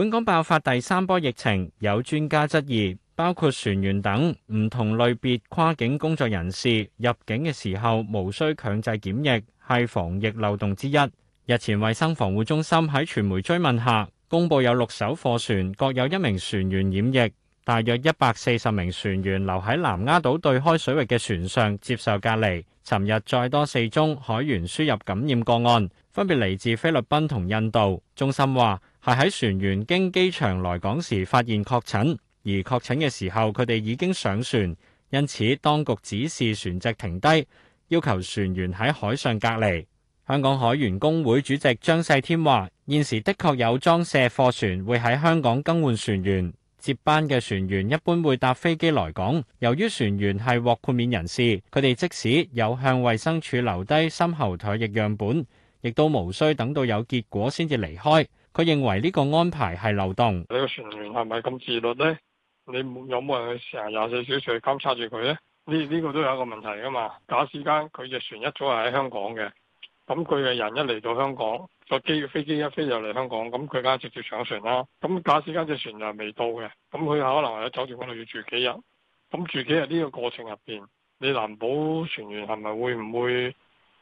本港爆發第三波疫情，有專家質疑，包括船員等唔同類別跨境工作人士入境嘅時候無需強制檢疫，係防疫漏洞之一。日前，衛生防護中心喺傳媒追問下，公布有六艘貨船各有一名船員染疫，大約一百四十名船員留喺南丫島對開水域嘅船上接受隔離。尋日再多四宗海員輸入感染個案，分別嚟自菲律賓同印度。中心話。係喺船員經機場來港時發現確診，而確診嘅時候，佢哋已經上船，因此當局指示船隻停低，要求船員喺海上隔離。香港海員工會主席張世添話：現時的確有裝卸貨船會喺香港更換船員。接班嘅船員一般會搭飛機來港。由於船員係獲豁免人士，佢哋即使有向衛生署留低深喉唾液樣本，亦都無需等到有結果先至離開。佢認為呢個安排係漏洞。你個船員係咪咁自律呢？你有冇人去成日廿四小時去監察住佢呢？呢呢個都有一個問題噶嘛。假使間佢隻船一早係喺香港嘅，咁佢嘅人一嚟到香港，再機飛機一飛就嚟香港，咁佢梗直接上船啦。咁假使間隻船又未到嘅，咁佢可能喺酒店嗰度要住幾日。咁住幾日呢個過程入邊，你難保船員係咪會唔會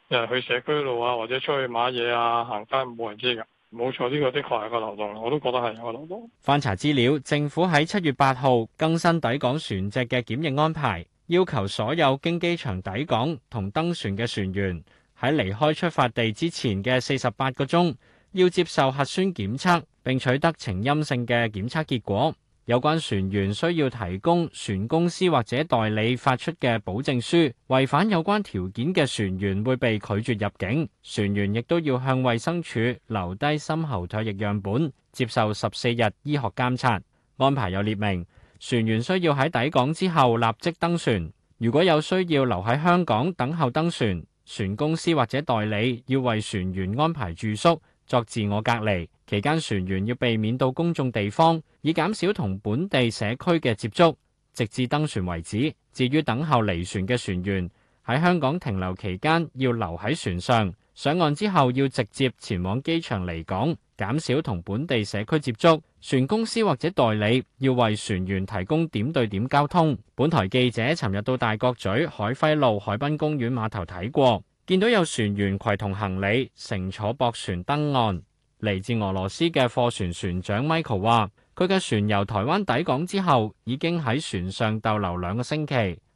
誒去社區路啊，或者出去買嘢啊，行街冇人知噶。冇錯，呢個的確係一個漏洞，我都覺得係一個漏洞。翻查資料，政府喺七月八號更新抵港船隻嘅檢疫安排，要求所有經機場抵港同登船嘅船員喺離開出發地之前嘅四十八個鐘，要接受核酸檢測，並取得呈陰性嘅檢測結果。有關船員需要提供船公司或者代理發出嘅保證書，違反有關條件嘅船員會被拒絕入境。船員亦都要向衛生署留低深喉唾液樣本，接受十四日醫學監察。安排有列明，船員需要喺抵港之後立即登船。如果有需要留喺香港等候登船，船公司或者代理要為船員安排住宿。作自我隔離期間，船員要避免到公眾地方，以減少同本地社區嘅接觸，直至登船為止。至於等候離船嘅船員喺香港停留期間，要留喺船上，上岸之後要直接前往機場離港，減少同本地社區接觸。船公司或者代理要為船員提供點對點交通。本台記者尋日到大角咀海輝路海濱公園碼頭睇過。見到有船員攜同行李乘坐駁船登岸。嚟自俄羅斯嘅貨船船長 Michael 話，佢嘅船由台灣抵港之後，已經喺船上逗留兩個星期，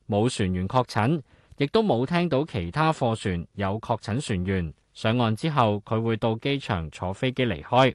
冇船員確診，亦都冇聽到其他貨船有確診船員。上岸之後，佢會到機場坐飛機離開。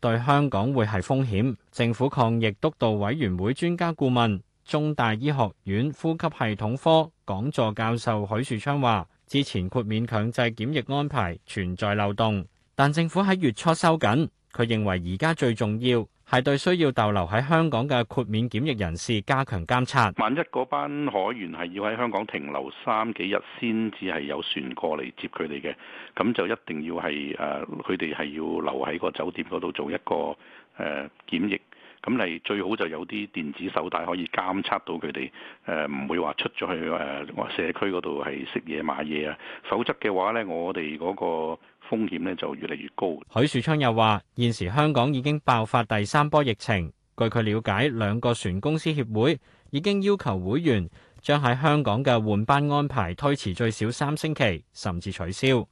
對香港會係風險，政府抗疫督導委員會專家顧問、中大醫學院呼吸系統科講座教授許樹昌話：之前豁免強制檢疫安排存在漏洞，但政府喺月初收緊。佢認為而家最重要。係對需要逗留喺香港嘅豁免檢疫人士加強監察。萬一嗰班海員係要喺香港停留三幾日先至係有船過嚟接佢哋嘅，咁就一定要係誒，佢哋係要留喺個酒店嗰度做一個誒檢疫。咁你最好，就有啲電子手帶可以監測到佢哋誒，唔會話出咗去誒社區嗰度係食嘢買嘢啊。否則嘅話咧，我哋嗰個風險咧就越嚟越高。許樹昌又話：現時香港已經爆發第三波疫情，據佢了解，兩個船公司協會已經要求會員將喺香港嘅換班安排推遲最少三星期，甚至取消。